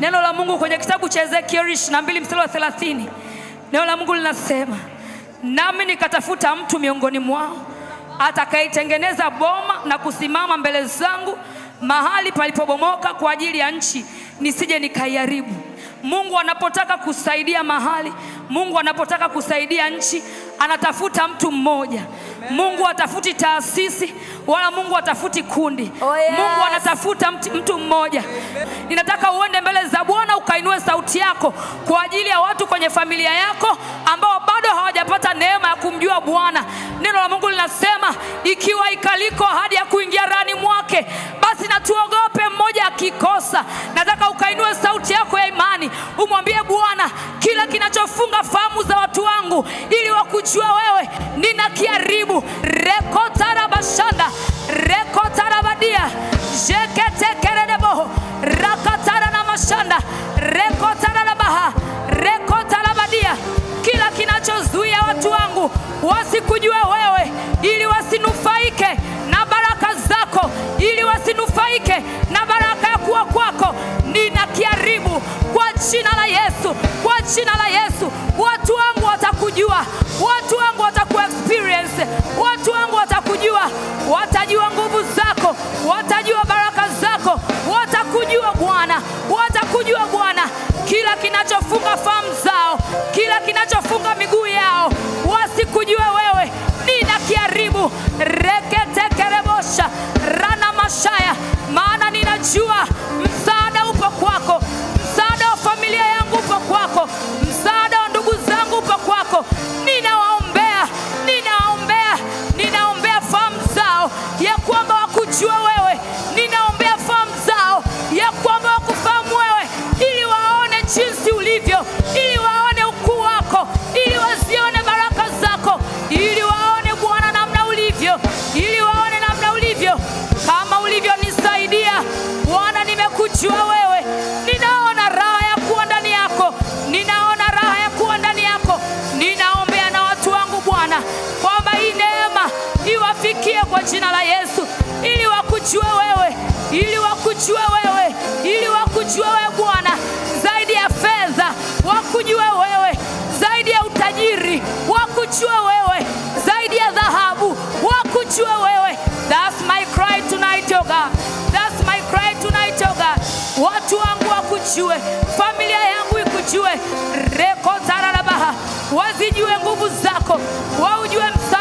Neno la Mungu kwenye kitabu cha Ezekieli 22 mstari wa 30, neno la Mungu linasema, nami nikatafuta mtu miongoni mwao atakayetengeneza boma na kusimama mbele zangu mahali palipobomoka kwa ajili ya nchi nisije nikaiharibu. Mungu anapotaka kusaidia mahali, Mungu anapotaka kusaidia nchi, anatafuta mtu mmoja. Mungu atafuti taasisi wala Mungu atafuti kundi. Oh, yes. Mungu anatafuta mtu mmoja. Ninataka uende mbele za Bwana ukainue sauti yako kwa ajili ya watu kwenye familia yako ambao bado hawajapata neema ya kumjua Bwana. Neno la Mungu linasema ikiwa ikaliko ahadi ya kuingia rani mwake, basi na tuogope mmoja akikosa. Nataka ukainue sauti yako ya imani umwambie Bwana, kila kinachofunga fahamu za watu wangu ili wakujua wewe, kiaribu shanda na badia kila kinachozuia watu wangu wasikujue wewe, ili wasinufaike na baraka zako, ili wasinufaike na baraka ya kuwa kwako, ninakiharibu kwa jina kinachofunga fahamu zao, kila kinachofunga miguu yao wasikujue wewe, nina kiharibu reketekerebosha rana mashaya, maana ninajua msaada upo kwako, msaada wa familia yangu upo kwako, msaada wa ndugu zangu upo kwako. Ninawaombea, ninawaombea, ninaombea fahamu zao ya kwamba wakujue wewe, ili wakujue wewe, ili wakujue wewe Bwana, zaidi ya fedha wakujue wewe, zaidi ya utajiri wakujue wewe, zaidi ya dhahabu wakujue wewe. That's my cry tonight, oh God. That's my cry tonight, oh God. Watu wangu wakujue, familia yangu ikujue, rekotarabaha, wazijue nguvu zako, waujue msa